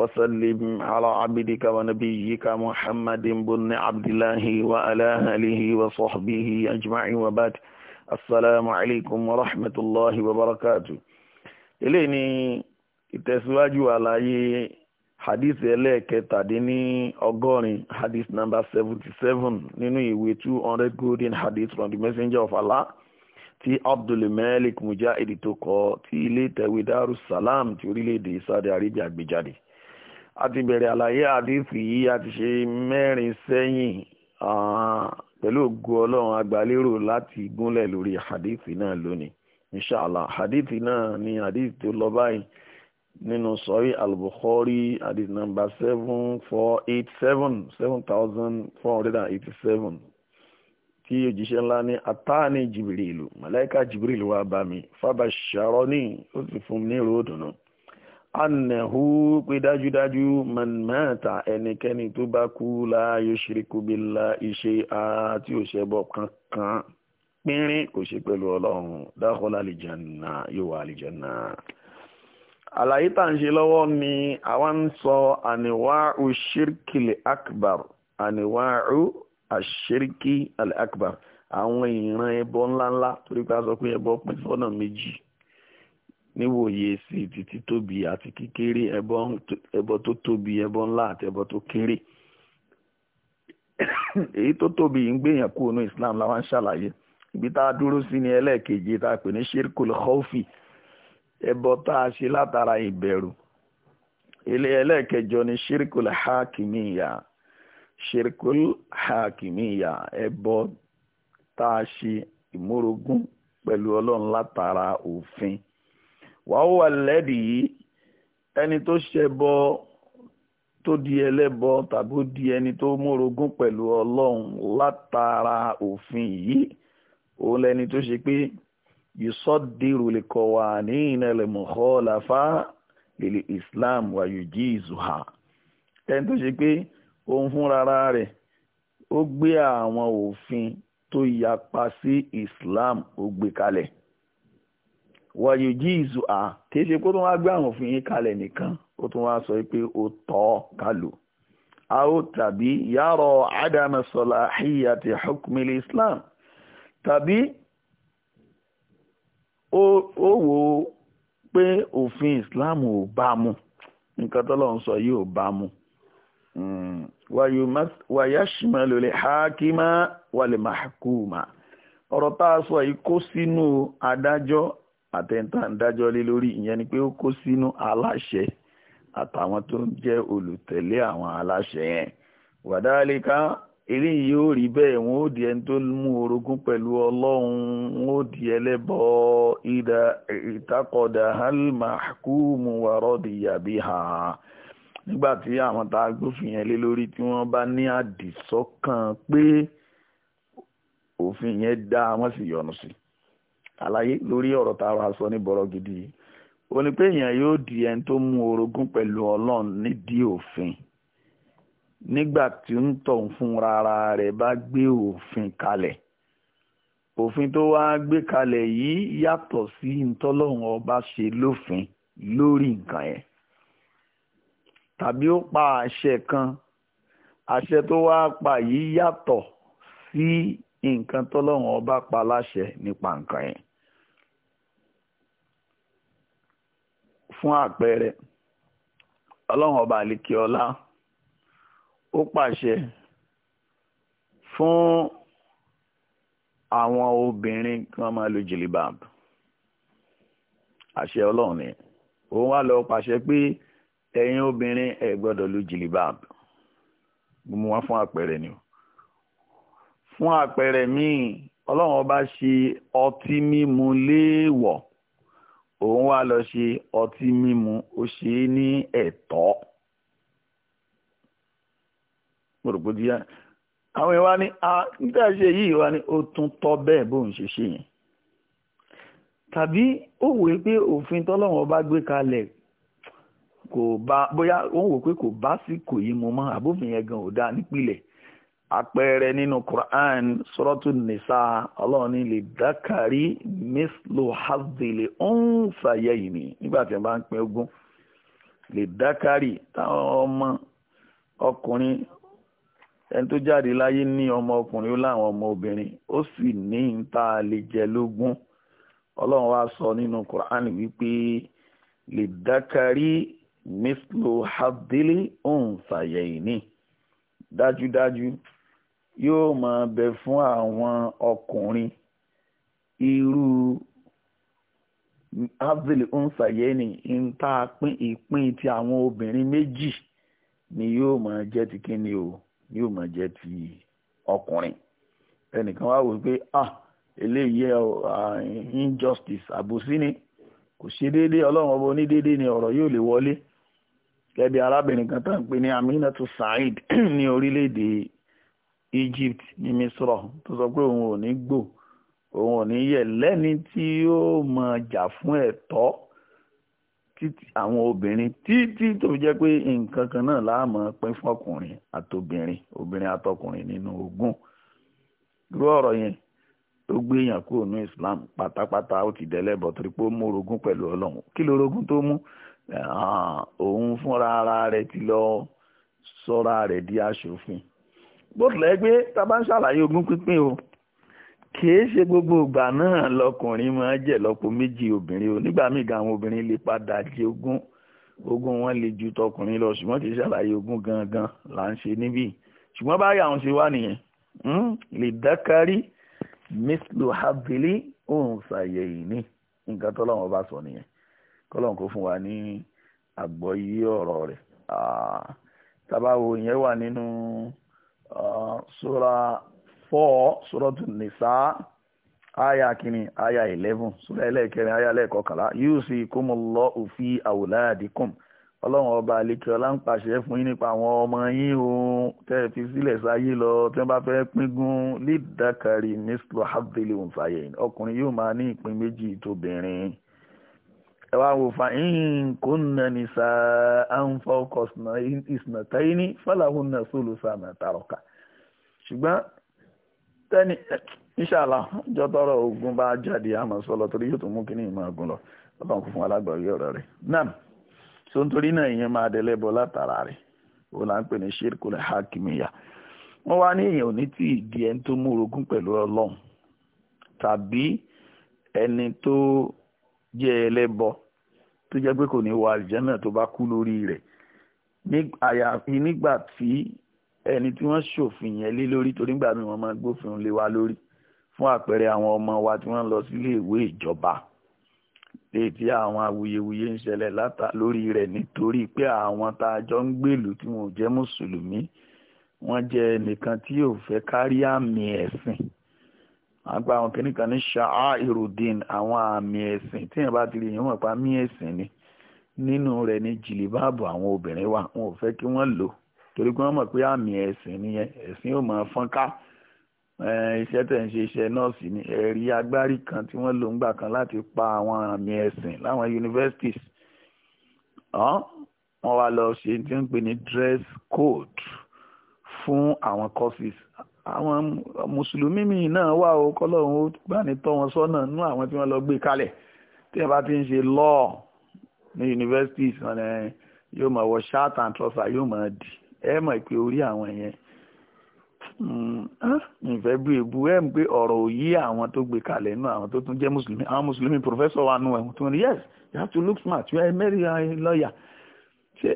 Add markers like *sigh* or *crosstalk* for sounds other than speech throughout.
وسلم على عبدك ونبيك محمد بن عبد الله وعلى آله وصحبه أجمعين وبعد السلام عليكم ورحمة الله وبركاته eléyìí ni ìtẹ̀síwájú àlàyé hadith ẹlẹ́ẹ̀kẹtàdínní ọgọ́rin hadith number seventy seven nínú ìwé two hundred golden hadith from the messenger of Allah tí abdulmalik mujahid tó kọ tí ilé ìtẹ̀wé darussalam ti orílẹ̀-èdè Saudi Arabia gbé a ti bẹ̀rẹ̀ àlàyé àdìsí yìí a ti ṣe mẹ́rin sẹ́yìn pẹ̀lú ògo ọlọ́run agbálérò láti gúnlẹ̀ lórí àdìsí náà lónìí inṣàlá àdìsí náà ni àdìsí tó lọ báyìí nínú sọ́rí al-Bukhari àdìsí nàmbà seven four eight seven seven thousand four hundred and eighty seven tí òjíṣẹ́ ńlá ní atáàní jìbìrìlù màláìka jìbìrìlù wá bá mi fábàṣàrọ́ ní ó sì fún mi ní ìró òdùnnú annahu pé dájúdájú man mata ẹnikẹ́ni tó bá kú la yushriku billahi shay'an tí ò ṣẹbọ kankan pínrín kò ṣe pẹ̀lú ọlọ́run dakhala aljanna yóò wà aljanna àlàyé tá à ń ṣe lọ́wọ́ ni àwa ń sọ àníwáù ṣírkìlì akbar àníwáù àṣírkì àlẹ́ akbar àwọn ìran ẹbọ ńláńlá torí pé a sọ pé ẹbọ pín sọ́nà méjì níwòye sí ti títóbi àti kíkéré ẹbọ tó tóbi ẹbọ ńlá àti ẹbọ tó kéré èyí tó tóbi yìí ń gbèyàn kúrò ní islam làwọn ń ṣàlàyé ibi tá a dúró sí ní ẹlẹ́ẹ̀kejì tá a pè ní shirkul khawfi ẹbọ tá a ṣe látara ìbẹ̀rù ilé ẹlẹ́ẹ̀kẹjọ ní shirkul hakimiya shirkul hakimiya ẹbọ tá a ṣe ìmúrogún pẹ̀lú ọlọ́run látara òfin wàá wà lẹ́dí yìí ẹni tó ṣẹbọ tó di ẹlẹ́bọ tàbí ó di ẹni tó mórogún pẹ̀lú ọlọ́run látara òfin yìí òun lẹni tó ṣe pé yusọ́dìrú lè kọ̀ wá ní ìnẹ̀lẹ̀ mọ̀kọ́láfà lèlè islam wàyùjí ìzùhà ẹni tó ṣe pé òun fúnra rẹ̀ ó gbé àwọn òfin tó yapa sí islam ó gbé kalẹ̀ wàyò jí ìzù a kì í ṣe kó tó wá gbé àwọn òfin yín kalẹ̀ nìkan ó tabi wá sọ pé ó tọ́ islam tàbí ó wò ó pé òfin islam ò bá mu nǹkan tó lọ́n sọ yìí ò bá mu wàyáṣìmọ̀ lòlẹ̀ hákímá wàlẹ̀ màkúmà ọ̀rọ̀ tá a sọ yìí kó sínú àtẹ̀ntà ń dájọ́ lé lórí ìyẹn ni pé ó kó sínú aláṣẹ àtàwọn tó ń jẹ́ olùtẹ̀lé àwọn aláṣẹ yẹn wàdálíkà eré yìí ó rí bẹ́ẹ̀ wọn ó di ẹni tó mú orogún pẹ̀lú ọlọ́run wọn ó di ẹlẹ́bọ ìdá ìtakọ̀dà halmakumu warọ́dì yàbí ha nígbà tí àwọn tá a gbófin yẹn lé lórí tí wọ́n bá ní àdìsọ́kàn pé òfin yẹn dá wọ́n sì yọnu sí i àlàyé lórí ọ̀rọ̀ tá a sọ ní bọ̀rọ̀ gidi yìí ó ní pé èèyàn di ẹni tó mú orogún pẹ̀lú ọlọ́run nídìí òfin nígbà tí ń tọ̀ ń fúnra rẹ̀ bá gbé òfin kalẹ̀ òfin tó wá gbé kalẹ̀ yìí yàtọ̀ sí ntọ́lọ́run ọba ṣe lófin lórí nǹkan yẹn tàbí pa àṣẹ kan àṣẹ tó wá pa yìí yàtọ̀ sí nǹkan tọ́lọ́run ọba pa láṣẹ nípa nǹkan fún àpẹẹrẹ ọlọ́run ọba àlekè ọlá ó pàṣẹ fún àwọn obìnrin kí wọ́n máa lo jìlìbàb àṣẹ ọlọ́run ni òun wá lọ pàṣẹ pé ẹ̀yin obìnrin ẹ̀ gbọ́dọ̀ lo jìlìbàb mo wá fún àpẹẹrẹ ni fún àpẹẹrẹ míì ọlọ́run ọba ṣe ọtí mímu léèwọ̀ òun wá lọ ṣe ọtí mímu ó ṣe é ní ẹ̀tọ́ mo ni a níta ṣe ni ó tún tọ́ bẹ́ẹ̀ bóun ṣe ṣe yẹn tàbí ó pé òfin tọ́lọ́wọ́n bá gbé kalẹ̀ kò bá bóyá ó mu mọ́ àbófin yẹn gan ò dáa àpẹẹrẹ nínú Quran suratu nisa ọlọ́run ní lè dákàrí mislu hazili unsayayni nígbà tí wọ́n bá ń pín ogún lè dákàrí táwọn ọmọ ọkùnrin ẹni tó jáde láyé ní ọmọ ọkùnrin ó láwọn ọmọ obìnrin ó sì ní níta lè jẹ lógún ọlọ́run wá sọ nínú Quran wípé lè dákàrí mislu hazili unsayayni dájúdájú yóò máa bẹ fún àwọn ọkùnrin irú avil nsàyẹ́nì ń tá a pín ìpín ti àwọn obìnrin méjì ni yóò máa jẹ́ ti kíni o yóò máa jẹ́ ti ọkùnrin ẹnìkan wá wò pé ah eléyìí injustice àbòsí ni kò ṣe déédéé ọlọ́run ọba onídéédéé ni ọ̀rọ̀ yóò lè wọlé gẹ́gẹ́ bí arábìnrin kan tá à ń pè ní Aminatu Said *clears throat* ní orílẹ̀-èdè Egypt ní misro tó sọ pé òun ò ní gbò òun ò ní yẹ lẹ́ni tí yóò máa jà fún ẹ̀tọ́ àwọn obìnrin títí tó fi jẹ́ pé nǹkan kan náà la máa pín fọkùnrin àtobìnrin obìnrin àtọkùnrin nínú ogún irú ọ̀rọ̀ yẹn tó gbé èèyàn kúrò ní Islam pátápátá ó ti dẹ́lẹ́bọ̀ torí pé ó mú orogún pẹ̀lú Ọlọ́run kí ló orogún tó mú òun fúnra ara rẹ̀ ti lọ sọ́ra rẹ̀ di aṣòfin bó tilẹ̀ pé tá a bá ń ṣàlàyé ogún pínpín o kìí ṣe gbogbo ìgbà náà lọkùnrin máa jẹ lọ́pọ̀ méjì obìnrin o nígbà míì gan àwọn obìnrin lè padà jẹ ogún ogún wọn lè ju tọkùnrin lọ ṣùgbọ́n kìí ṣàlàyé ogún gangan là ń ṣe níbí ṣùgbọ́n báyìí àwọn ṣe wá nìyẹn hmm? lè dákárí mislu habili òun ṣàyẹ ìní nǹkan tọ́lọ́wọ́n bá sọ nìyẹn kọ́lọ́n kó fún wa ní àgbọ́yé ọ̀rọ̀ rẹ̀ ah, tàbá ìyẹn wà nínú. No Uh, sura four suratun nisa aya kìíní aya eleven sura ẹlẹ́ẹ̀kẹrin aya ẹlẹ́ẹ̀kọkànlá yusikumullahu fi awladikum ọlọ́run ọba àlekè ọlá ń pàṣẹ fún yín nípa àwọn ọmọ yín o tẹ́ ẹ fi sílẹ̀ sáyé lọ tí wọ́n bá fẹ́ píngun lídàkàrí mislu habdili nfàyẹ̀yìn ọkùnrin yóò máa ní ìpín méjì tóbìnrin ẹwà wò fa ìkúnnà nìsa ànfọkọsùnà ìsìnàtàyíní fàlàhùn náà sólù sàmà tàrọkà ṣùgbọ́n tẹni inṣàlá jọtọrọ ogun bá jáde àmọ́ sọlọ torí yóò tún mú kíní ìmọ̀ ogun lọ Ọlọ́run kún fún alágbàwí ọ̀rọ̀ rẹ̀ náà so nítorí náà ìyẹn máa dẹlẹ bọ látara rẹ̀ ó là ń pè ní ṣírkù rẹ hakimiya wọ́n wá ní èèyàn ò ní tí ì di ẹni tó mú orogún pẹ̀lú Ọlọ́run tàbí ẹni tó jẹ́ ẹlẹ́bọ tó jẹ́ pé kò ní wọ àlìjẹ́nà tó bá kú lórí rẹ̀ àyàfi nígbà tí ẹni tí wọ́n ṣòfin yẹn lé lórí torí nígbà míì wọ́n máa gbófin lé wa lórí fún àpẹẹrẹ àwọn ọmọ wa tí wọ́n lọ sílé ìwé ìjọba léyìí tí àwọn awuyewuye ń ṣẹlẹ̀ látà lórí rẹ̀ nítorí pé àwọn tá a jọ ń gbèlú tí wọn ò jẹ́ mùsùlùmí wọ́n jẹ́ ẹnìkan tí yóò fẹ́ kárí àmì ẹ̀sìn a wọ́n gba àwọn kìnnì kan ní ṣááìrùdín àwọn àmì ẹ̀sìn tí yẹn bá ti rí yẹn wọ́n pa mí ẹ̀sìn ni nínú rẹ̀ ní jìlìbáàbù àwọn obìnrin wa wọn ò fẹ́ kí wọ́n lò torí pé wọ́n mọ̀ pé àmì ẹ̀sìn nìyẹn ẹ̀sìn yóò máa fọ́n ká iṣẹ́ tẹ̀ ń ṣe iṣẹ́ nọ́ọ̀sì ni ẹ̀rí agbárí kan tí wọ́n lò ń gbà kan láti pa àwọn àmì ẹ̀sìn láwọn universities wọ́n wá lọ ṣe tí wọ́n ń pè ní dress code fún àwọn courses àwọn mùsùlùmí míì náà wà ó kọ́lọ́run ó gbà ní tọ́ wọn sọ́nà nú àwọn tí wọ́n lọ gbé kalẹ̀ tí ẹ bá ti ń ṣe law ní universities yóò máa wọ shirt and trouser yóò máa dì ẹ mọ̀ pé orí àwọn yẹn ìfẹ́ bí ebu ẹ̀ ń pé ọ̀rọ̀ òye àwọn tó gbé kalẹ̀ nù àwọn tó tún jẹ́ mùsùlùmí àwọn mùsùlùmí professor wa nù ẹ̀hún tó ní yes you have to look smart you are a merry lawyer ṣé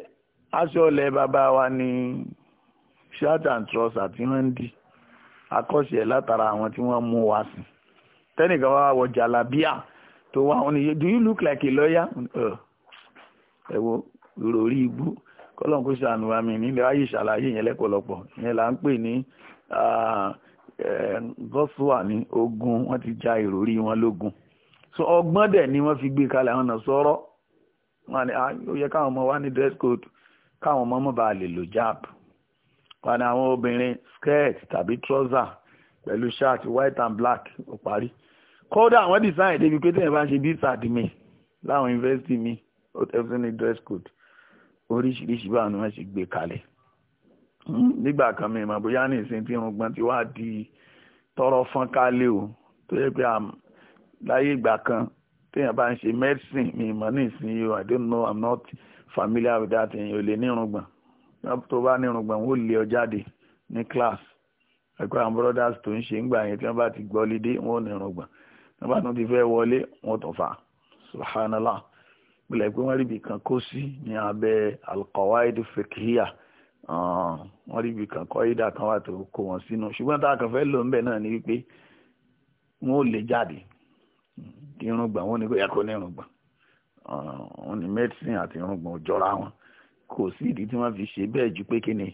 aṣọ ọ̀lẹ́ bàbá wa ni shirt and trouser tí wọ́n ń dì akọ́ṣe ẹ̀ látara àwọn tí wọ́n mú wa sí tẹ́nìkan wá wọ jàlábíà tó wá wọn ni do you look like a lawyer ẹ wo ìròrí igbó kọ́lọ́n kó ṣàánú wa mi nílẹ̀ ayé ìṣàlàyé yẹn lẹ́pọ̀lọpọ̀ ìyẹn là ń pè ní ogun wọn ti ja ìròrí wọn lógun so ọgbọ́n dẹ̀ ni wọn fi gbé àwọn sọrọ wọn ni ah, ó yẹ káwọn ọmọ wa ní dress code káwọn pani àwọn obìnrin skirt tàbí trouser pẹ̀lú shirt white and black ó parí kódà àwọn design débi pé tẹ́yìn bá ń ṣe this admin láwọn university mi everything ní dress code oríṣiríṣi báwọn ni wọ́n ṣe gbé kalẹ̀ hmm, nígbà kan mi ìmọ̀ bóyá ní ìsìn tí irun gbọ́n ti wá di tọrọ fọ́n kálẹ̀ o tó yẹ pé um, láyé ìgbà kan téèyàn bá ń ṣe medicine mi ìmọ̀ ní ìsìn yìí I don't know I'm not familiar with that èèyàn ò lè ní irun gbọ̀n tó bá ní irùngbọ̀n wọ́n lé ọ jáde ní class ẹ̀kọ́ àwọn brothers tó ń ṣe ń gbà yẹn tí wọ́n bá ti gbọ́ lédè wọ́n ní irùngbọ̀n tí wọ́n bá tún ti fẹ́ wọlé wọ́n tún fà subhanallah gbọ́dọ̀ pé wọ́n rí ibi kan kó sí ní abẹ́ al-qawaid fiqhiyya wọ́n rí ibi kan kọ́ ìdá kan wà tó kó wọn sínú ṣùgbọ́n tá a kàn fẹ́ lò ń bẹ̀ náà ni wípé wọ́n ò lè jáde irùngbọ̀n wọ́n ní kó yẹ kó ní irùngbọ̀n wọ́n ní medicine àti irùngbọ̀n ò jọra wọn kò sí ìdí tí wọ́n fi ṣe bẹ́ẹ̀ ju pé kí ni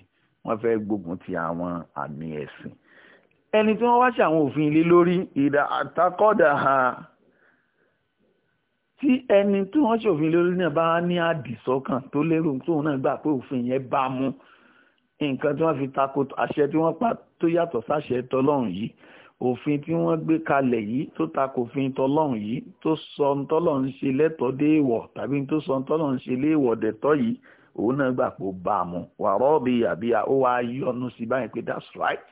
wọ́n fẹ́ gbógun ti àwọn àmì ẹ̀sìn ẹni tí wọ́n wá ṣe àwọn òfin ilé lórí ìdá àtakọ́dà ha tí ẹni tí wọ́n ṣe òfin ilé lórí náà bá ní àdìsọ́kàn tó lérò tóun náà gbà pé òfin yẹn bá mú nǹkan tí wọ́n fi tako àṣẹ tí wọ́n pa tó yàtọ̀ sáṣẹ tọlọ́run yìí òfin tí wọ́n gbé kalẹ̀ yìí tó tako òfin tọlọ́run yìí tó sọ ntọ́lọ́run ṣe lẹ́tọ̀ọ́ déèwọ̀ tàbí tó sọ ntọ́lọ́run ṣe léèwọ̀ dẹ̀tọ́ yìí òun náà gbà pé ó bá a mu wà rọ́ọ̀bì àbí ó wá yọnu sí báyìí pé that's right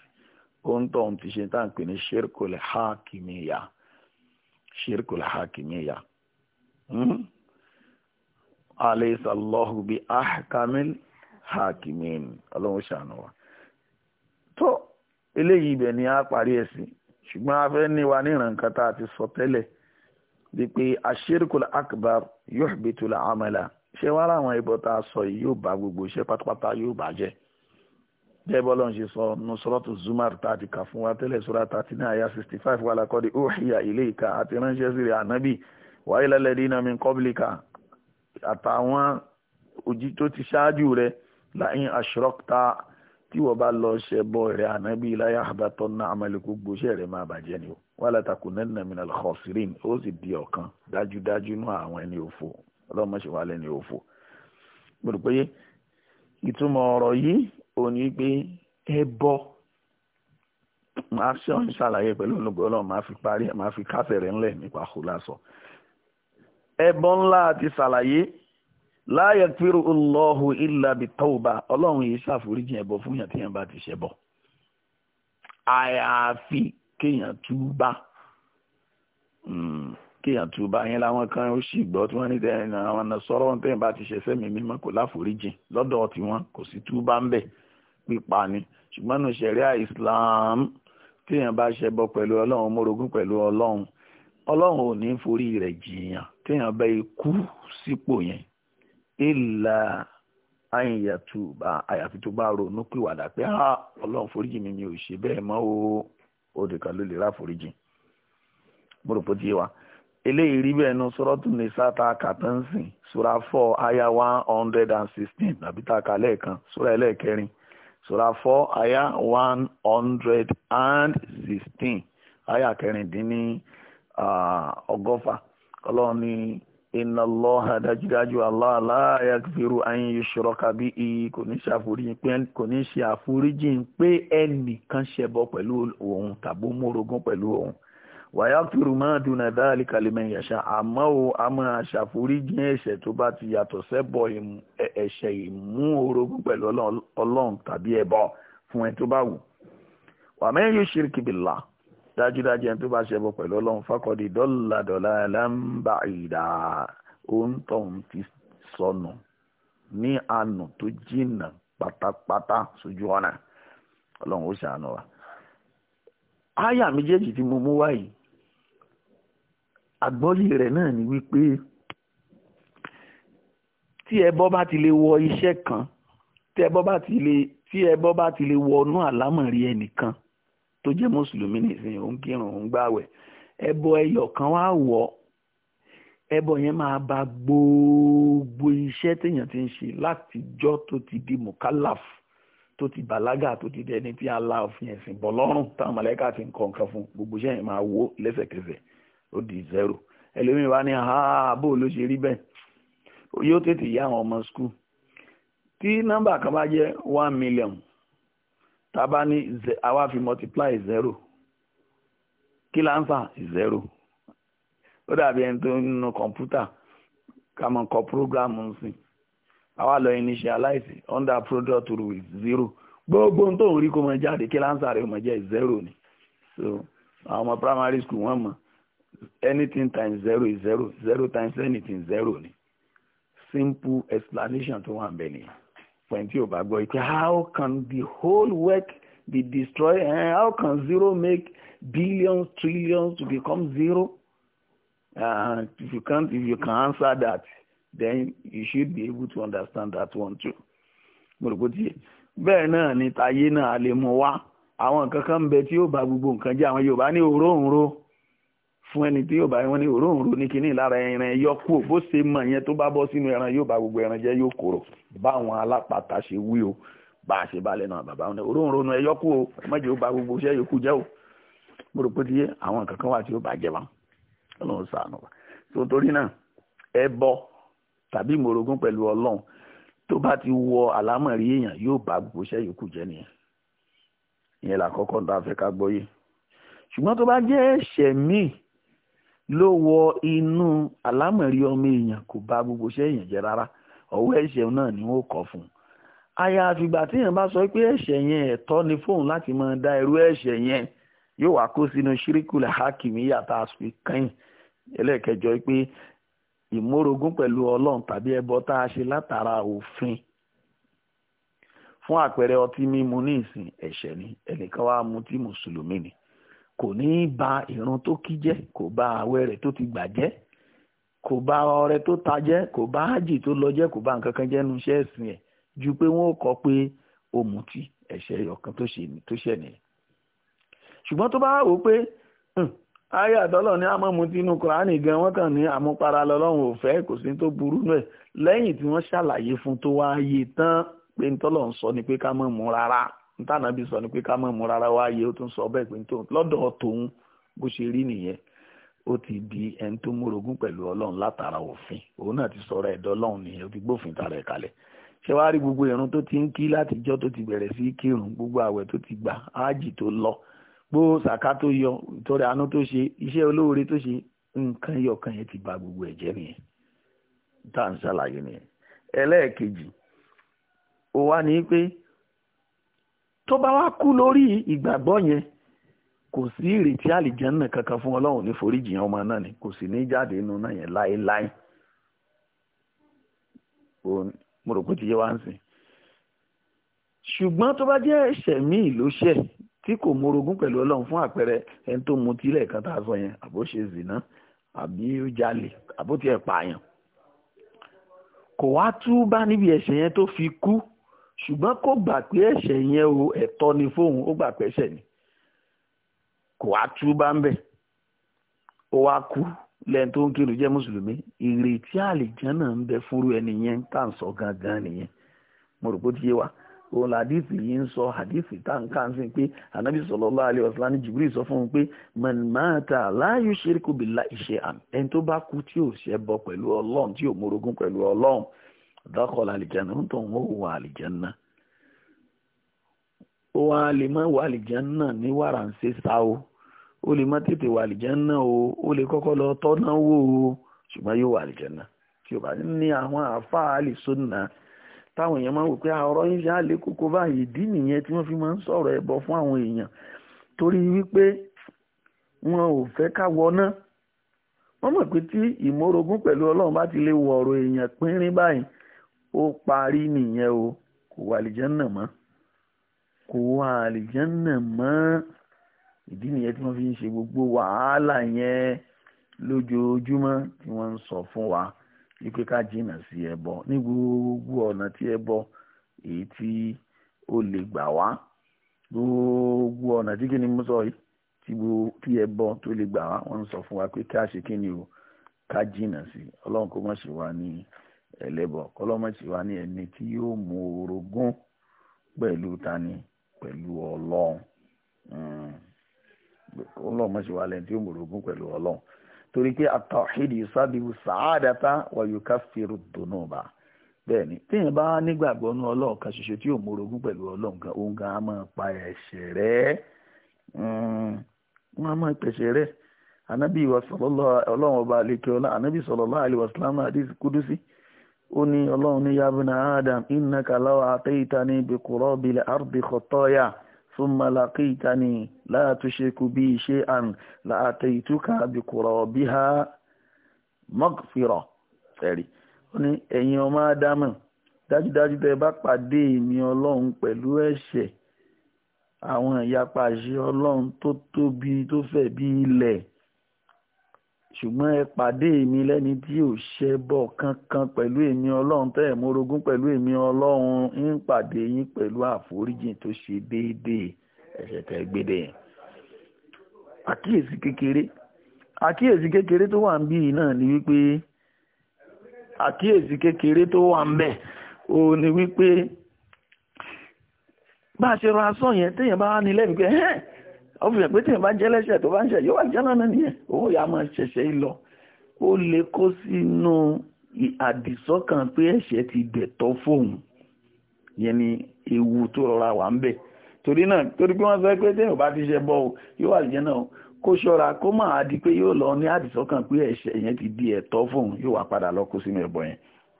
ohun tó ń ti ṣe tá à ń pè ní ṣírkùlẹ̀ hákìmíyà ṣírkùlẹ̀ hákìmíyà hmm? alaysa Allahu bi ahkamil hakimin ọlọ́run ṣàánú wa tó eléyìí ibẹ̀ ni a parí ẹ̀ sí ṣùgbọ́n a fẹ́ ní wa níran nǹkan tá a ti sọ tẹ́lẹ̀ wípé ashirkul akbar yuhbitul amala. ṣé wàá láwọn ìbọn tá a sọ yìí yóò bá gbogbo iṣẹ́ pátápátá yóò bàjẹ́ bẹ́ẹ̀ bọ́lá ń ṣe sọ nu sọ́rọ́tù zumar tá a ti kà fún wa tẹ́lẹ̀ sọ́rọ́ thirty nine àyà sixty five wà lákọ́dé òhìyà ilé ìka àti ránṣẹ́ sí rẹ̀ ànábì wáyé lẹ́lẹ́dí iná mi kọ́bílíkà àtàwọn òjì tó ti ṣáájú rẹ̀ láyín aṣọ́rọ́ta tí wọ́n bá lọ ṣẹ bọ́ rẹ̀ ànábì láyà àbátọ́ náà amẹ́lẹ́kù gbóṣẹ́ rẹ̀ máa bàjẹ́ ni o wà látàkùn nẹ́ẹ̀nà mi ó sì di ọ̀kan dájúdájú náà àwọn ẹni òfò ọlọ́run má ṣe wá lẹ́ni òfò gbọ́dọ̀ pé ìtumọ̀ ọ̀rọ̀ yìí ò ní pé ẹbọ máa ṣe ọ̀hún ṣàlàyé pẹ̀lú olùgbọ́ ọlọ́run máa fi parí máa fi kásẹ̀ rẹ̀ ńlẹ̀ nípa kòlásọ ẹbọ ńlá àti ṣàlàyé la yakfirullahu illa bitawba ọlọ́run yìí ṣàforíjì ẹbọ fún yàn yàn bá ti ṣẹbọ àyàfi kéèyàn túbá. Hmm kéèyàn túbà yẹn làwọn kan ó sì gbọ́ tí wọ́n ní tẹ́yìn àwọn ọ̀nà sọ̀rọ̀ wọn tẹ́yìn bá ti ṣe sẹ́mi mímọ́ kò láforíjì lọ́dọ̀ tiwọn kò sí túbà ń bẹ̀ pípa ni ṣùgbọ́n nù ṣẹ̀ríà Islam téèyàn bá ṣẹbọ pẹ̀lú ọlọ́run mórogún pẹ̀lú ọlọ́run ọlọ́run ò ní forí rẹ̀ jìyàn téèyàn bá ikú sípò yẹn ìlà àyìnyàtúbà àyàfi tó bá ronú pìwàdà pé ọlọ́run foríjì mi mi ò ṣe bẹ́ẹ̀ mọ́ o òdìkan ló lè ráforíjì mo rò pé ó ti yé wa eléyìí rí bẹ́ẹ̀ nu sọ́rọ́tù nìsa tá a kà tó ń sìn sura four aya one hundred and sixteen àbí tá lẹ́ẹ̀kan sura ẹlẹ́ẹ̀kẹrin sura four aya one hundred and sixteen aya kẹrìndínní ọgọ́fà ọlọ́run ní inna Allah dájúdájú Allah la yakfiru an yushraka bihi kò ní ṣe àforíjì pé ẹnìkan ṣẹbọ pẹ̀lú òun tàbí mórogún pẹ̀lú òun wàyàtúrù máa dùnà dáàlì kàlímẹ̀ yàṣà àmọ́ o a máa ṣàforíjì ẹ̀ṣẹ̀ tó bá ti yàtọ̀ sẹ́bọ̀ ẹ̀ṣẹ̀ ìmú orogún pẹ̀lú ọlọ́run tàbí ẹbọ fún ẹ tó bá wù. wàmẹ́yìn yóò ṣírí kìbìlà dájúdájú ẹni tó bá ṣẹbọ pẹ̀lú ọlọ́run fákọ́dí dọ́là dọ́là ẹlẹ́mbà ìdá òǹtọ̀hún ti sọnù ní àná tó jìnnà pátápátá sójú ọ̀nà ọlọ́run ó ṣàánú wa. áyà méjèèjì tí mo mú wáyìí àgbọ́lì rẹ̀ náà ni wípé tí ẹbọ bá ti lè wọ iṣẹ́ kan tí ẹbọ bá ti lè tí ẹbọ bá ti lè wọnú àlámọ̀rí ẹnìkan tó jẹ́ mùsùlùmí nìsín òun kírun òun gbàwẹ̀ ẹbọ ẹyọ kan wá wọ ẹbọ yẹn máa ba gbogbo iṣẹ́ téèyàn ti ń ṣe látijọ́ tó ti di mukallaf tó ti bàlágà tó ti di ẹni tí Allah fi ẹ̀sìn bọ́ lọ́rùn táwọn mọ̀lẹ́kà ti ń kọ fún gbogbo iṣẹ́ yẹn máa wó lẹ́sẹ̀kẹsẹ̀ ó di zero ẹlòmíì wá ní ààbò ló ṣe rí bẹ́ẹ̀ yóò tètè yá àwọn ọmọ skul tí nọ́mbà kan bá jẹ́ one million tá a bá ní àwa fi multiply zero kí là zero ó dàbí ẹni tó nínú kọ̀ǹpútà ká mọ̀ kọ programu ń sìn àwa lọ initialize under product rule with zero gbogbo tó ń rí kó mọ jáde kí láǹsà rẹ̀ mọ jẹ́ zero ni so àwọn ọmọ primary school wọ́n mọ̀ anything times zero is zero zero times anything zero ni simple explanation to wà nbẹ nìyẹn pẹ̀ntì ò bá gbọ́ yìí how can the whole work be destroyed and eh, how can zero make billions trillions to become zero uh, if you can't if you can answer that then you should be able to understand that one too mo rò pé tí bẹ́ẹ̀ náà ni tayé náà a lè mú wá àwọn nǹkan kan ń bẹ tí yóò bà gbogbo nǹkan jẹ́ àwọn Yorùbá ní òróǹro fún ẹni tí yóò bá wọn ní òróǹro ní kinní lára ẹran ẹyọ kú ò bó ṣe mọ ìyẹn tó bá bọ́ sínú ẹran yóò bá gbogbo ẹran jẹ yóò kóró báwọn alápàtà ṣe wí o bá a ṣe balẹ̀ náà bàbá wọn ní òróǹro nu ẹyọ kú o mọ̀jẹ̀ ó bá gbogbo iṣẹ́ yòókù jẹ́ o mo rò pé ti yé àwọn kankan wà tí ó bàjẹ́ wọn ọlọ́run ṣàánú wa tó torí náà ẹbọ tàbí ìmọ̀rogún pẹ̀lú ọlọ́run tó bá ti wọ ṣùgbọ́n tó bá jẹ́ ẹ̀ṣẹ̀ míì ló wọ inú àlámọ̀rí ọmọ èèyàn kò bá gbogbo iṣẹ́ èèyàn jẹ́ rárá ọwọ́ ẹ̀ṣẹ̀ náà ni wọ́n kọ́ fún un àyàfi ìgbà téèyàn bá sọ pé ẹ̀ṣẹ̀ yẹn ẹ̀tọ́ ni fóun láti máa dá irú ẹ̀ṣẹ̀ yẹn yóò wá kó sínú ṣíríkùlẹ̀ hákìmí yàtọ̀ àsùpì kẹ́yìn ẹlẹ́ẹ̀kẹjọ pé ìmórogún pẹ̀lú ọlọ́run tàbí ẹbọ tá a ṣe látara òfin fún àpẹẹrẹ ọtí mímu ní ìsìn ẹ̀ṣẹ̀ ni ẹnìkan wá mu mùsùlùmí ni kò ní í ba ìran tó kí jẹ́ kò ba àwẹ̀ rẹ̀ tó ti gbà jẹ́ kò ba ọrẹ tó ta jẹ́ kò ba ájì tó lọ jẹ́ kò ba nǹkan kan jẹ́ nu iṣẹ́ ẹ̀sìn ẹ̀ ju pé wọ́n kọ pé ó mutí ẹ̀ṣẹ̀ ọ̀kan tó ṣe tó ṣẹ̀ nìyẹn ṣùgbọ́n tó bá wò pé ayé àtọ́lọ̀ ní àmọ́ mutí inú kùránì gan wọ́n kàn ní àmupara lọ́lọ́run ò fẹ́ kò sí tó burú náà lẹ́yìn tí wọ́n ṣàlàyé fún tó wáyé tán pé ń ń sọ ni pé ká má mu rárá ntànàbí sọ ni pé ká mọ̀ rara rárá wáyé ó tún sọ bẹ́ẹ̀ pé tóun lọ́dọ̀ tóun bó ṣe rí nìyẹn ó ti di ẹni tó múrogún pẹ̀lú ọlọ́run látara òfin òun náà ti sọ̀rọ̀ ẹ̀dọ́ ọlọ́run nìyẹn ó ti gbófin tara ẹ̀ kalẹ̀ gbogbo irun tó ti ń kí látijọ́ ti bẹ̀rẹ̀ sí kírun gbogbo àwẹ̀ tó ti gbà áàjì tó lọ sàká tó yọ ìtọ́rẹ tó ṣe iṣẹ́ olóore tó ṣe nǹkan yọkan yẹn ti ba gbogbo ẹ̀jẹ̀ nìyẹn tá à ń ṣàlàyé nìyẹn ẹlẹ́ẹ̀kejì ó wá ní tó bá wá kú lórí ìgbàgbọ́ yẹn kò sí ìrètí àlìjẹ́nà kankan fún ọlọ́run ní foríjì yẹn ọmọ náà ni kò sì ní jáde inú náà yẹn láéláé mo rò pé ti yé wá ń sìn ṣùgbọ́n tó bá jẹ́ ẹ̀ṣẹ̀ míì ló ṣẹ̀ tí kò morogún pẹ̀lú ọlọ́run fún àpẹẹrẹ ẹni tó mutí lẹ́ẹ̀kan tá a sọ yẹn àbó ṣe zìnà àbí ó jalè àbó tiẹ̀ pààyàn kò wá túbá níbi ẹ̀ṣẹ̀ yẹn tó fi kú ṣùgbọ́n kò gbà pé ẹ̀ṣẹ̀ yẹn o ẹ̀tọ́ ni fóun ó gbà pé ẹ̀ṣẹ̀ ni kò wá tú bá ń bẹ̀ ó wá kú lẹ́yìn tó ń kírun jẹ́ mùsùlùmí ìrètí àlìjánà ń bẹ fúru ẹni yẹn tá gangan nìyẹn mo rò pé ó ti yé wa òun la hadithi yìí ń sọ hadithi tá n kàn sí pé anabi la yushriku billahi ẹni tó bá kú tí ò ṣẹbọ pẹ̀lú Ọlọ́run tí ò pẹ̀lú dákọ̀lá àlìjáná ń tàn ó wà àlìjáná ó wá lè má wà àlìjáná ní wàrà ń ṣe sá o ó lè má tètè wà àlìjáná o ó lè kọ́kọ́ lọ tọ́ná wò o ṣùgbọ́n yóò wà àlìjáná tí o bá ní àwọn àáfàá àlìsónà táwọn èèyàn máa wò pé ọ̀rọ̀ yín ṣe á kókó báyìí ìdí nìyẹn tí wọ́n fi máa ń sọ̀rọ̀ ẹbọ fún àwọn èèyàn torí wípé wọn ò fẹ́ ká wọná wọ́n mọ̀ pé tí ìmórogún pẹ̀lú ọlọ́run bá ti lè wọ èèyàn pínrín báyìí ó parí nìyẹn o kò wà àlìjánà mọ́ kò wà àlìjánà mọ́ ìdí nìyẹn tí wọ́n fi ń ṣe gbogbo wàhálà yẹn lójoojúmọ́ tí wọ́n ń sọ fún wa wípé ká jìnnà sí ẹbọ ní gbogbo ọ̀nà tí ẹbọ èyí tí ó lè gbà wá gbogbo ọ̀nà tí kìíní sọ yìí tí ẹbọ tó lè gbà wá wọ́n ń sọ fún wa pé ká ṣe kí ni o ká jìnnà sí ọlọ́run kó má ṣe wá ní ẹlẹ́bọ kọ́lọ́mọ̀sí wa ní ẹni tí yóò mú pẹ̀lú tani pẹ̀lú ọlọ́run hmm. kọ́lọ́mọ̀sí wa lẹ́ni tí yóò mú orogún torí pé àtọ̀hídì sábìwù sàádàtà dùnú bá bẹ́ẹ̀ ni bá nígbàgbọ́ ọlọ́run kan ṣoṣo tí yóò mú orogún pẹ̀lú ọlọ́run kan òun gan hmm. ọba ọlá àlè wàsílámù àdìs kúdùsí ó ní ọlọ́run ní yabina adam innaka law ataytani bi qurabil ardi khataya thumma laqitani la tushriku bi shay'an la ataytuka bi qurabiha maghfira ẹ̀rí ó ní ẹ̀yin ọmọ ádámù dájúdájú tẹ́ bá pàdé èmi ọlọ́run pẹ̀lú ẹ̀ṣẹ̀ àwọn ìyapa àṣẹ ọlọ́run tó tóbi tó fẹ̀ bí ilẹ̀ ṣùgbọ́n ẹ pàdé èmi lẹ́ni tí ò ṣẹbọ kankan pẹ̀lú èmi ọlọ́run tẹ́ ẹ̀ mórogún pẹ̀lú èmi ọlọ́run ń pàdé yín pẹ̀lú àforíjìn tó ṣe déédéé ẹ̀ṣẹ̀ tẹ́ gbédè yẹn. àkíyèsí kékeré àkíyèsí kékeré tó wà ń bí yìí náà ni wípé àkíyèsí kékeré tó wà ń bẹ̀ ò ní wípé bá a ṣe ra sọ yẹn téèyàn bá wà ní lẹ́nu pé ẹ́ẹ́ ó fi hàn pé tí èèyàn bá jẹ́ lẹ́sẹ̀ tó bá ń ṣẹ̀ yóò wà jẹ́ lọ́nà nìyẹn òun ìyá máa ṣẹ̀ṣẹ̀ lọ ó lè kó sínú àdìsọ́kàn pé ẹ̀ṣẹ̀ ti dẹ̀tọ́ fóun yẹn ni ewu tó rọra wà ń bẹ̀ torí náà torí pé wọ́n sọ pé tí èèyàn bá ti ṣe bọ́ yóò wà jẹ́ náà kó ṣọ́ra kó máa di pé yóò lọ ní àdìsọ́kàn pé ẹ̀ṣẹ̀ yẹn ti di ẹ̀tọ́ fóun yóò wà padà lọ kó sínú ẹbọ yẹn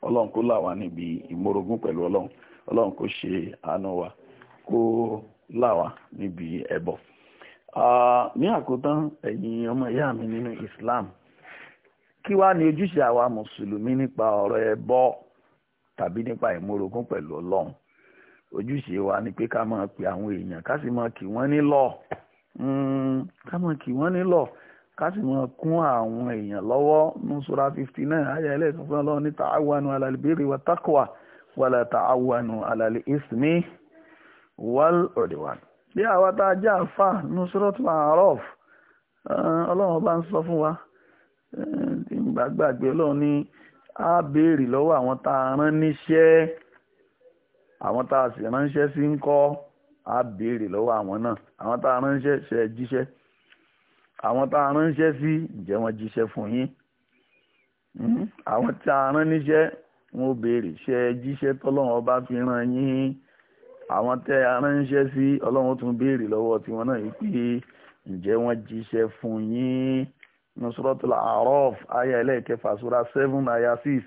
ọlọ́run kó là níbi ìmọ̀rogún wa kó là ní àkótán ẹ̀yin ọmọ ìyá mi nínú Islam kí wá ní ojúṣe àwa mùsùlùmí nípa ọ̀rọ̀ ẹbọ tàbí nípa ìmúrogún pẹ̀lú ọlọ́run ojúṣe wa ni pé ká máa pe àwọn èèyàn ká sì máa kì wọ́n nílọ̀ hmm, ká máa kì wọ́n nílọ̀ ká sì máa kún àwọn èèyàn lọ́wọ́ ní fifty nine ayé ẹlẹ́sìn lọ́wọ́ ní ta'awanu alal birri wa taqwa wala ta'awanu alal ismi wal udwan bí àwa tá a jẹ́ àfà nusrat maharof eh, ọlọ́run ọba ń sọ fún wa eh, tí ń gbàgbàgbé ọlọ́run ní á béèrè lọ́wọ́ àwọn tá a rán níṣẹ́ àwọn tá a sì ránṣẹ́ sí ń kọ́ á béèrè lọ́wọ́ àwọn náà àwọn tá a ránṣẹ́ ṣe jíṣẹ́ àwọn tá a ránṣẹ́ sí ǹjẹ́ wọ́n jíṣẹ́ fún yín hmm? àwọn tá a rán níṣẹ́ wọ́n béèrè ṣe jíṣẹ́ tọ́lọ́run ọba fi rán yín àwọn tẹ aránṣẹ́ sí ọlọ́run tún béèrè lọ́wọ́ tiwọn náà yìí pé ǹjẹ́ wọ́n jíṣẹ́ fún yín nusratul araf aya ẹlẹ́ẹ̀kẹfà sura seven aya six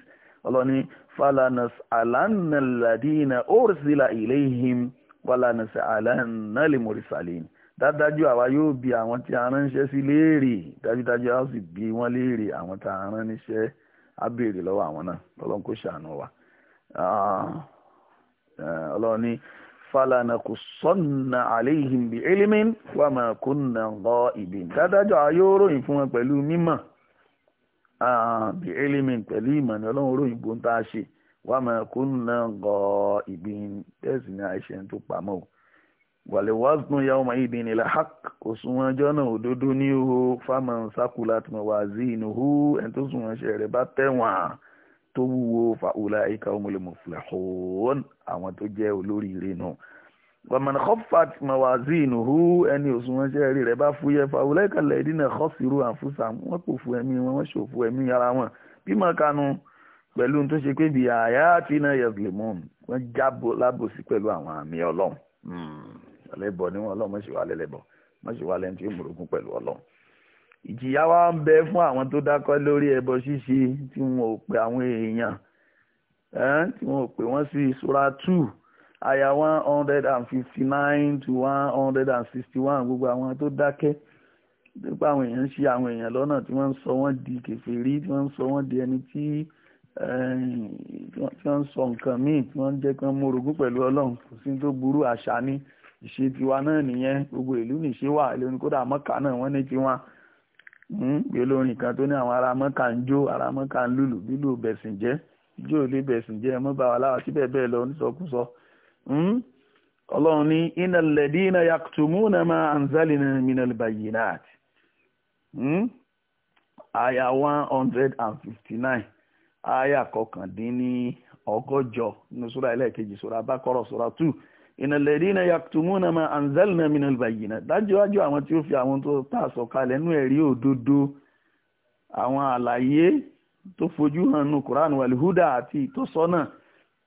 ọlọ́ni falanas alanna ladina orsila ilayhim walanas alanna limurisalin dájúdájú àwa yóò bi àwọn tí a ránṣẹ́ sí léèrè dájúdájú a sì bi wọ́n léèrè àwọn tá a ránṣẹ́ á lọ́wọ́ àwọn náà ọlọ́run kò ṣàánú wa ah, eh, ọlọ́run ní falanaqussanna alayhim bi ilmin wa ma kunna ghaibin dádájọ́ ayé ó ròyìn fún wọn pẹ̀lú mímọ̀ bi ilmin pẹ̀lú ìmọ̀ ni ọlọ́run ròyìn bó ń tá a ṣe wa ma kunna ghaibin tẹ́sí ní àìṣẹ́ tó pamọ́ o wàlẹ̀wàzùn yawma idin ilẹ̀ hak òṣùwọ̀n ọjọ́ náà òdodo ní o fámọ̀ sákúlá tí wà zí inú hú ẹni tó sùn wọn ṣe rẹ̀ bá tẹ̀wọ̀n tó wúwo fàwùlà ìka ọmọlẹ̀ muflihun àwọn tó jẹ́ olóríire nù. wàmọ̀nà kọ́fàt mawazinu hu ẹni òṣùwọ̀n ṣẹ́ rí rẹ̀ bá fúyẹ́ fàwùlà ìka lẹ́ẹ̀dínà kọ́sìrú àǹfùsà wọ́n kò fún ẹ̀mí wọn wọ́n ṣòfò ẹ̀mí ara wọn bí màá kanu pẹ̀lú tó ṣe pé bí àyà àti iná yẹ̀gìlìmọ́n wọ́n jábọ̀ lábòsí pẹ̀lú àwọn àmì ọlọ́run ọlẹ́bọ̀ hmm. ni wọ́n ọlọ́run mọ̀ṣẹ̀wálẹ́lẹ́bọ̀ mọ̀ṣẹ̀wálẹ́ ìjìyà wa ń bẹ fún àwọn tó dákọ́ lórí ẹbọ ṣíṣe tí wọn ò pè àwọn èèyàn tí wọn ò pè wọ́n sí ìṣúra two àyà one hundred and fifty nine to one hundred and sixty one gbogbo àwọn tó dákẹ́ nípa àwọn èèyàn ń ṣe àwọn èèyàn lọ́nà tí wọ́n ń sọ wọ́n di kèfèrí tí wọ́n ń sọ wọ́n di ẹni tí tí wọ́n ń sọ nǹkan míì tí wọ́n ń jẹ́ kí wọ́n mórogún pẹ̀lú ọlọ́run kò sí tó burú àṣà ni ìṣe tiwa náà nìyẹn gbogbo ìlú nìṣe wà lónìí kódà mọ́kà náà wọ́n ní tiwọn Hmm? bí olórin kan tó ní àwọn ará mọ́ka ń jó ará mọ́ka ń lùlù lílù bẹ̀sìn jẹ́ jó ilé bẹ̀sìn jẹ́ mọ́ bá wa láwa síbẹ̀ bẹ́ẹ̀ lọ hmm? ọlọ́run ní iná lẹ̀dí iná yàtúmú náà máa anzali náà one hundred and fifty nine àyà kọkàndínní ọgọ́jọ ẹlẹ́ẹ̀kejì bákọ́rọ̀ two. ìnàlẹ̀dínà yàtúmúnà máa anzalna minal bayyinat dájúdájú àwọn tí ó fi àwọn tó tà sọ̀kalẹ̀ nú ẹ̀rí òdodo àwọn àlàyé tó fojú hàn nù Qur'an wàlúhúdà àti ìtòsọ́nà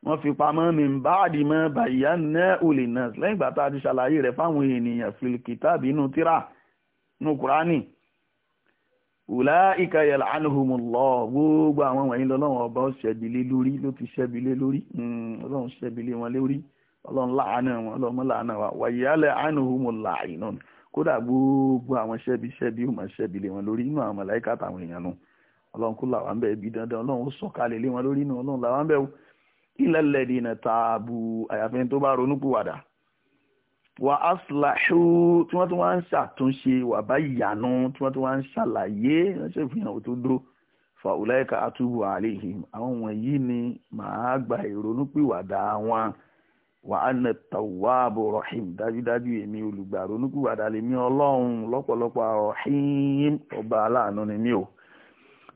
wọ́n fi pamọ́ mi ń bá àdìmọ́ bàyá ná olè náà lẹ́yìn ìgbà tá a ti ṣàlàyé rẹ̀ fáwọn ènìyàn fìlìkìtà bínú tíra nù Qur'ani wùlá ìkàyẹ̀lá anuhumullah gbogbo àwọn wọ̀nyí lọ́lọ́wọ́n ọba ó lé lórí ló ti ṣẹ̀bi lé lórí hmm, ọlọ́run ṣẹ̀bi lé wọn lórí ọlọ́run láàánú wọn ọlọ́run láàánú wa wàyíálẹ̀ àánúhùmọ̀ làánú kódà gbogbo àwọn ṣẹ́bi ṣẹ́bi ó máa ṣẹ́bi lé wọn lórí inú àwọn màláíkà àtàwọn èèyàn nu ọlọ́run kó làwọn bẹ́ẹ̀ bí dandan ọlọ́run ó sọ̀kalẹ̀ lé wọn lórí inú ọlọ́run làwọn bẹ́ẹ̀ ilẹ̀ lẹ́dí iná taabu àyàfẹ́ tó bá ronú pìwàdà wà aslahu tí wọ́n tún wá ń ṣàtúnṣe wà bá ìyànú tí wọ́n tún wá ń ṣàlàyé ránṣẹ́ ìfihàn òtúndó fàwùlẹ́ka àtúbù àlehìn àwọn wọ̀nyí ni màá gba ìrònúpìwàdà wọn wà á nà tàwáàbò rahim dájúdájú èmi olùgbàrò oníkùwàdà lè mi ọlọ́run lọ́pọ̀lọpọ̀ rahim ọba aláàánú ni mí o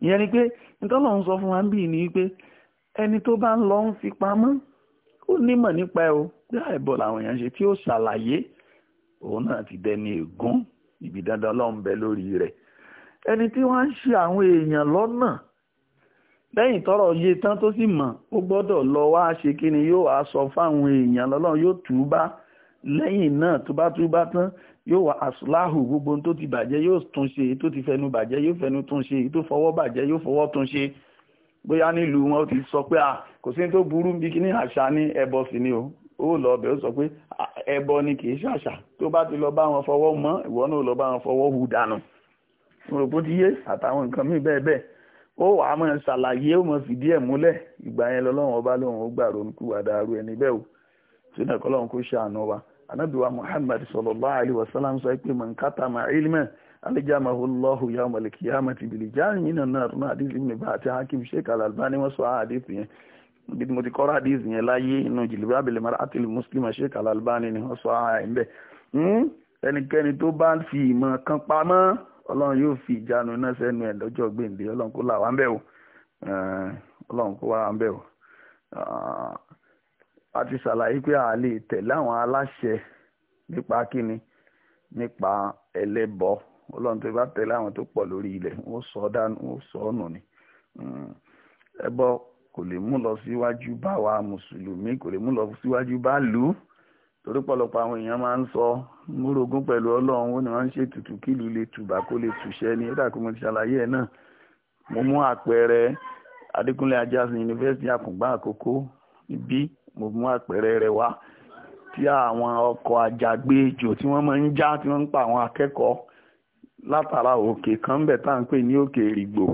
ìyẹn ni pé nítorí òun sọ fún wa bíi ni pé ẹni tó bá ń lọ ń fi pamọ́ ó nímọ̀ nípa ẹ o bí àìbọ̀ làwọn èèyàn ṣe tí ó ṣàlàyé òun náà ti dẹni ègún ìbí dandan ọlọ́run bẹ lórí rẹ̀ ẹni tí wọ́n ń ṣe àwọn èèyàn lọ́nà lẹ́yìn tọ́rọ̀ yé tán tó sì mọ̀ ó gbọ́dọ̀ lọ wá ṣe kí ni yóò wá sọ fáwọn èèyàn lọ́lọ́run yóò túbá lẹ́yìn náà túbátúbá tán yóò wá àsùláhù gbogbo tó ti bàjẹ́ yóò tún ṣe tó ti fẹnu bàjẹ́ yóò fẹnu tún ṣe tó fọwọ́ bàjẹ́ yóò fọwọ́ tún ṣe bóyá nílùú wọn ti sọ pé kò sí tó burú bí kí àṣà ní ẹbọ sí ni o ó lọ ọbẹ̀ ó sọ pé ẹbọ ni kì í ṣàṣà tó bá ti lọ bá wọn fọwọ́ mọ́ ìwọ náà lọ bá wọn fọwọ́ hù dànù mo rò bó ti yé àtàwọn nǹkan míì bẹ́ẹ̀ bẹ́ẹ̀ ó wà á máa ṣàlàyé ó máa fìdí ẹ̀ múlẹ̀ ìgbà yẹn lọ́lọ́run ọba lóun ó gbà ronú kú ẹni bẹ́ẹ̀ o sínú ẹ̀kọ́ lọ́run kó ṣàánú wa anábìwá muhammad sallallahu alaihi wasallam sọ pé man katama ilman alijamahu allahu yawmal qiyamati bil jami minan nar náà àdìsí mi bá àti hakim sheikh al-albani wọ́n sọ àdìsí yẹn bí mo ti kọ́ àdìsí yẹn láyé inú jilbabil mar'atil muslima sheikh al-albani ni wọ́n sọ àyẹ̀ ń bẹ̀ hmm? ẹnikẹ́ni tó bá fi ìmọ̀ kan pamọ́ ọlọ́run yóò fi ìjánu náà sẹ́nu ẹ̀ lọ́jọ́ gbèǹde ọlọ́run kó là wá ń bẹ̀ o eh, ọlọ́run kó wá ń bẹ̀ o ah, a ti ṣàlàyé pé a lè tẹ̀lé àwọn aláṣẹ nípa kíni nípa ẹlẹ́bọ ọlọ́run tó bá tẹ̀lé àwọn tó pọ̀ lórí ilẹ̀ wọ́n sọ dánú wọ́n sọ ọ̀nà ni hmm, ẹbọ kò lè mú lọ síwájú bá wa mùsùlùmí kò lè mú lọ síwájú bá lù ú torí pọ̀lọpọ̀ àwọn èèyàn máa ń sọ múrogún pẹ̀lú ọlọ́run ó ní wọ́n ń ṣètùtù kí ìlú lè tùbà kó lè tùṣẹ́ ní ìdàkùn mo ti ṣàlàyé ẹ̀ náà mo mú àpẹẹrẹ Adékúnlé Ajásin yunifásitì Àkùngbá Àkókó níbí mo mú àpẹẹrẹ rẹ̀ wá tí àwọn ọkọ̀ àjàgbé ejò tí wọ́n máa ń já tí wọ́n ń pa àwọn akẹ́kọ̀ọ́ látara òkè kan bẹ̀ tá à ń pè ní òkè Ìrìgbò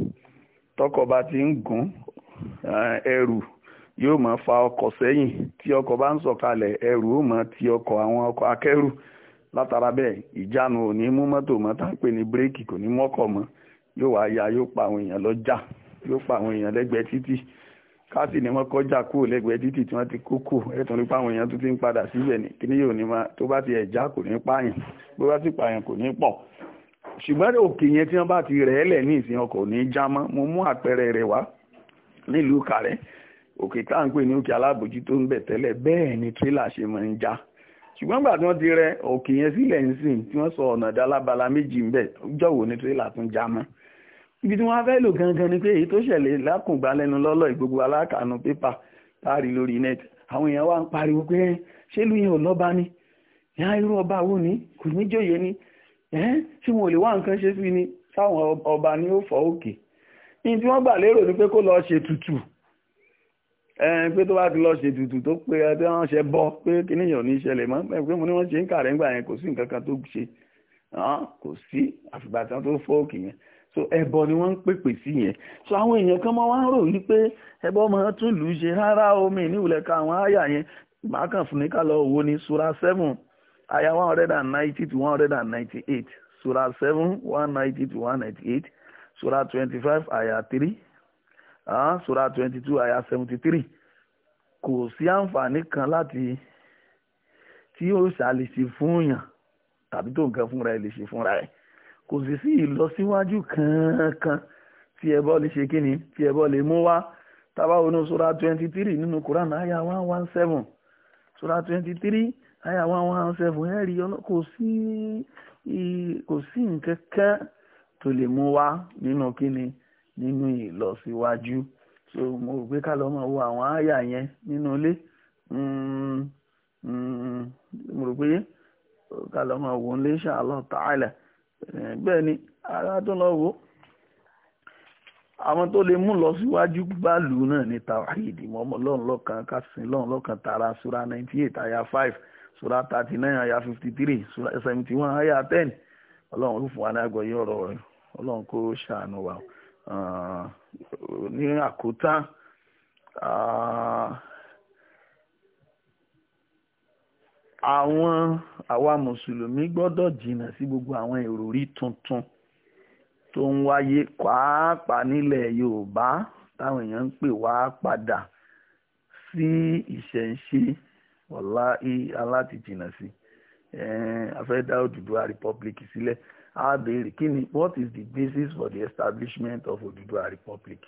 tọkọ̀ yóò máa fa ọkọ̀ sẹ́yìn tí ọkọ̀ bá ń sọ̀kalẹ̀ ẹrù ó máa ti ọkọ̀ àwọn ọkọ̀ akẹ́rù látara bẹ́ẹ̀ ìjánu ò ní mú mọ́tò mọ́ tá à ń pè ní bírèkì kò ní mọ́kọ̀ mọ́ yóò wá ya yóò pa àwọn èèyàn lọ́jà yóò pa àwọn èèyàn lẹ́gbẹ̀ẹ́ títì káàsì ni wọ́n kọjá kúrò lẹ́gbẹ̀ẹ́ títì tí wọ́n ti kó kù ẹ̀tún nípa àwọn èèyàn tó ti ń padà síbẹ̀ ni kí ni yóò ní máa tó bá ti ẹ̀já òkè tá à ń pè ní òkè alábòjútó ń bẹ̀ tẹ́lẹ̀ bẹ́ẹ̀ ni tírélà ṣe máa ń já ṣùgbọ́n gbà tí wọ́n ti rẹ òkè yẹn sílẹ̀ ń sìn tí wọ́n sọ ọ̀nà dálábala méjì ń bẹ̀ jọ̀wọ́ ní tírélà tún já mọ́ ibi tí wọ́n fẹ́ lò gangan ni pé èyí tó ṣẹlẹ̀ lákùngbálẹ́nu lọ́lọ́ ìgbogbo alákànú pépà táàrí lórí net àwọn èèyàn wá ń pariwo pé ṣé ló yẹn ò lọ́ba ni ìyá irú ọba wo ni kò ní jòyè ni ṣé wọn ò lè wá nǹkan ṣe sí ni sáwọn ọba ni ó fọ òkè ní tí wọ́n gbà lérò ni pé kó lọ ṣe tutù pé tó bá ti lọ ṣètùtù tó pé ẹtí wọn ṣe bọ pé kíníyàn ní ìṣẹ̀lẹ̀ mọ pé mo ní wọn ṣe ń kàrẹ ńgbà yẹn kò sí nǹkan kan tó ṣe kò sí àfìgbà tí wọn tó fọọkì yẹn so ẹbọ ni wọn ń pèpè sí yẹn so àwọn èèyàn kan máa wá ń rò wípé ẹbọ máa tún lù ú ṣe rárá omi ìníwùlẹ̀ ka àwọn àyà yẹn màá kàn fún ní ká lọ wo ní sura seven àyà one hundred and ninety to one hundred and ninety eight sura seven one ninety to one ninety eight sura twenty five àyà three Ah, sura 22 two aya seventy three kò sí àǹfààní kan láti tí ó ṣàlèṣe fún yàn tàbí tó nǹkan fúnra ẹ̀ lè ṣe fúnra ẹ̀ kò sì sí ìlọsíwájú kankan tí ẹ bọ́ lè ṣe kí ni tí ẹ bọ́ lè mú wá tábà wọnú sura 23 three nínú Quran aya 117. sura 23 three aya one one seven ẹ rí ọlọ́ kò sí kò sí nǹkan kan tó lè mú wá nínú kí ni nínú ìlọsíwájú so mo rò pé ká lọ máa wo àwọn àyà yẹn nínú ilé hmm, hmm, mo rò pé ká lọ máa wo ilé ṣàlọ́ tààlà eh, bẹ́ẹ̀ ni ara tó lọ wò àwọn tó lè mú lọ gbàlù náà ní tàwáìdì mọ́mọ́ lọ́run lọ́kan kásìn lọ́run lọ́kan tààrà sura ninety eight àyà five sura thirty nine àyà fifty three sura seventy one àyà ten ọlọ́run ló fún wa ní àgbọ̀yé ọ̀rọ̀ rẹ̀ ọlọ́run kó ṣàánú wa Uh, ní àkótán uh, àwọn àwa mùsùlùmí gbọ́dọ̀ jìnnà sí gbogbo àwọn ìròrí tuntun tó ń wáyé pàápàá nílẹ̀ Yorùbá táwọn èèyàn ń pè wá padà sí ìṣẹ̀ǹṣe wọ̀lá aláti jìnnà sí a fẹ́ dá Odùduwà republic sílẹ̀. Si á béèrè kí what is the basis for the establishment of Odùduwà Republic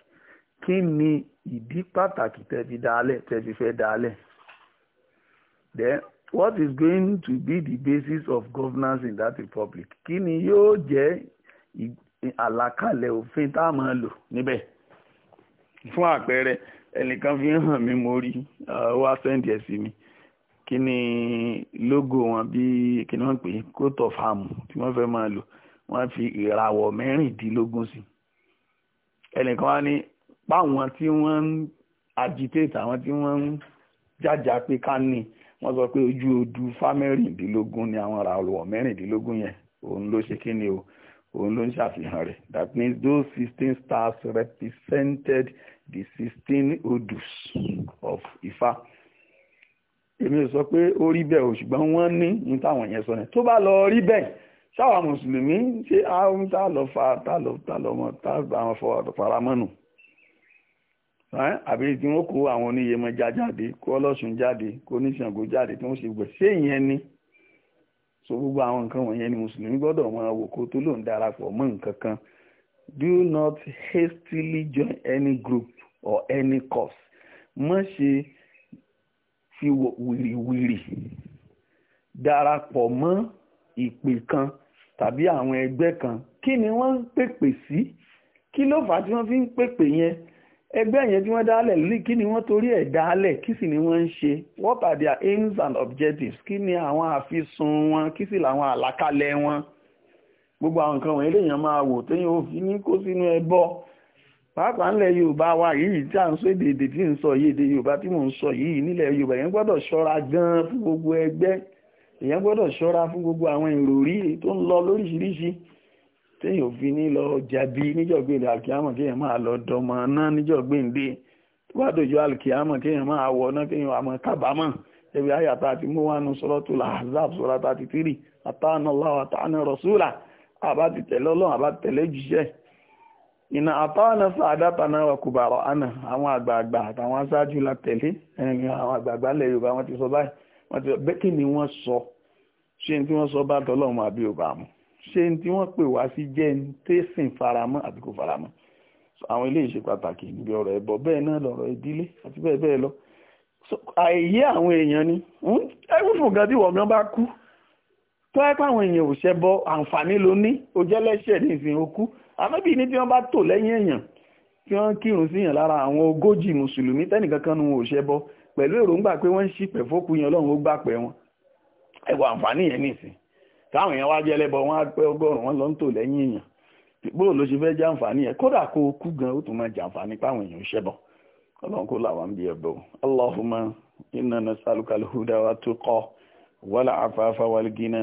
kí ni ìdí pàtàkì tẹ́bi dálẹ̀ tẹ́bi fẹ́ dálẹ̀ then what is going to be the basis of governance in that republic kí ni yóò jẹ́ àlàkalẹ̀ òfin tá a máa lò níbẹ̀ fún àpẹẹrẹ ẹnìkan fi hàn mí mo wá sẹ́ǹdì ẹ̀ sí mi kí ni logo wọn bí kí ni wọ́n pè é coat of arm tí wọ́n fẹ́ máa lò wọ́n fi ìràwọ̀ mẹ́rìndínlógún sí ẹnìkan wá ní páwọn tí wọ́n ń agitate àwọn tí wọ́n ń jàjà pé ká ní wọ́n sọ pé ojú odu fámẹ́rìndínlógún ni àwọn ìràwọ̀ mẹ́rìndínlógún yẹn òun ló ṣe kí ni o òun ló ń ṣàfihàn rẹ̀ that means those sixteen stars represented the sixteen odus of Ifa. èmi ò sọ pé ó rí bẹ́ẹ̀ o ṣùgbọ́n wọ́n ní ní táwọn yẹn sọ ni tó bá lọ rí bẹ́ẹ̀ sáwà mùsùlùmí ṣe àwọn tá lọ fa tá lọ tá lọ mọ tá àwọn fọ faramọ́nù àbí tí wọ́n kó àwọn oníyemọja jáde kó ọlọ́sùn jáde kó oníṣàngó jáde tí wọ́n ṣe gbẹ̀ ṣé ìyẹn ni so gbogbo àwọn nǹkan wọ̀nyẹn ni mùsùlùmí gbọ́dọ̀ máa wò kó tó lòun darapọ̀ mọ́ nǹkan kan do not hastily join any group or any cause má ṣe fi wìrìwìrì darapọ̀ mọ́ ìpè kan tàbí àwọn ẹgbẹ́ kan kí ni wọ́n ń pèpè sí kí ló fà á tí wọ́n fi ń pèpè yẹn ẹgbẹ́ yẹn tí wọ́n dálẹ̀ lórí kí ni wọ́n torí ẹ̀ dálẹ̀ kí sì ni wọ́n ń ṣe what are their aims and objectives kí ni àwọn àfisùn wọn kí sì làwọn àlàkalẹ̀ wọn gbogbo àwọn nǹkan wọ̀nyí lèèyàn máa wò téèyàn ò fi ní kó sínú ẹbọ pàápàá ńlẹ̀ yorùbá wa yìí tí à ń sọ èdè èdè tí ń sọ yìí èdè yorùbá tí mò ń sọ yìí nílẹ̀ yorùbá yẹn gbọ́dọ̀ ṣọ́ra gan fún gbogbo ẹgbẹ́ èèyàn gbọ́dọ̀ ṣọ́ra fún gbogbo àwọn ìròrí tó ń lọ lóríṣiríṣi téèyàn fi ní lọ jàbí níjọ̀gbìndé àkíyàmọ̀ kéèyàn máa lọ dọmọ náà níjọ̀gbìndé tó bá dòjọ́ àkíyàmọ̀ kéèyàn máa wọ náà kéèyàn àmọ́ kábàámọ̀ ẹ̀bí àyàtà àti mọ́wánú suratul Ahzab sura 33 àtàánà Allahu àtàánà rasúlà àbá ti tẹ̀lé ọlọ́run àbá ti tẹ̀lé jíṣẹ́ ìnà àtàánà sàádátàná wa kùbàrọ̀ àná àwọn àgbààgbà àtàwọn aṣáájú la tẹ̀lé àwọn àgbààgbà ilẹ̀ Yorùbá wọ́n ti sọ báyìí wọ́n ti sọ bẹ́ẹ̀ kí ni wọ́n sọ ṣé ní tí wọ́n sọ bá tọ́lọ́run àbí ò bá mu ṣé ní tí wọ́n pè wá sí jẹ́ ní tẹ́sìn faramọ́ àbí kò faramọ́ àwọn ilé ìṣe pàtàkì níbi ọ̀rọ̀ ẹbọ bẹ́ẹ̀ náà lọ̀rọ̀ ìdílé àti bẹ́ẹ̀ bẹ́ẹ̀ lọ àìyé àwọn èèyàn ni ẹwùfù gan tí wọ̀n bá kú tó ẹ páwọn èèyàn ò ṣẹbọ àǹfààní ló ní ó jẹ́ lẹ́ṣẹ̀ ní ìsìn okú àmọ́bí ní tí wọ́n bá tò lẹ́yìn èèyàn tí wọ́n kírun síyàn lára àwọn ogójì mùsùlùmí tẹ́nìkankan nu wọn ò ṣẹbọ pẹ̀lú èròǹgbà pé wọ́n ń ṣìpẹ̀ fókù yẹn ọlọ́run ó gbàpẹ̀ wọn ẹwà àǹfààní yẹn nìsín táwọn èèyàn wá jẹ́ ẹlẹ́bọ wọn á pẹ́ ọgọ́rùn wọn lọ ń tò lẹ́yìn èèyàn bóò ló ṣe fẹ́ jẹ àǹfààní yẹn kódà kó kú gan ó tún máa jẹ àǹfààní páwọn èèyàn ṣẹbọ ọlọ́run kó làwọn bí inna nasaluka alhuda gina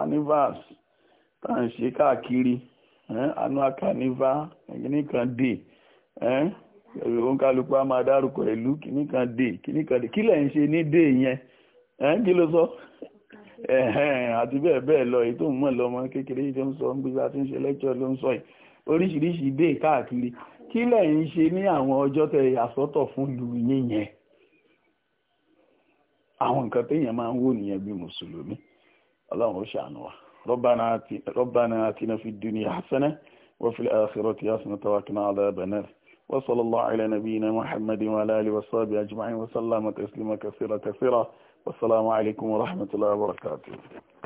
allahumma hdina Anua akánífà kíní kan dè òǹkàlùkù á máa dárúkọ ìlú kíní kan dè kíní kan de kí lẹ̀ ṣe ní dè yẹn kí ló sọ àti bẹ́ẹ̀ bẹ́ẹ̀ lọ èyí tó ń mọ̀ lọ́mọ kékeré yìí tó ń sọ ń gbé bá ń ṣe ló ń sọ yìí oríṣiríṣi dè káàkiri kí ṣe ní àwọn ọjọ́ tẹ àsọ́tọ̀ fún àwọn nǹkan téèyàn máa ń wò ربنا ربنا آتنا في الدنيا حسنة وفي الآخرة حسنة وقنا عذاب النار وصلى الله على نبينا محمد وعلى آله وصحبه أجمعين وسلم تسليما كثيرا كثيرا والسلام عليكم ورحمة الله وبركاته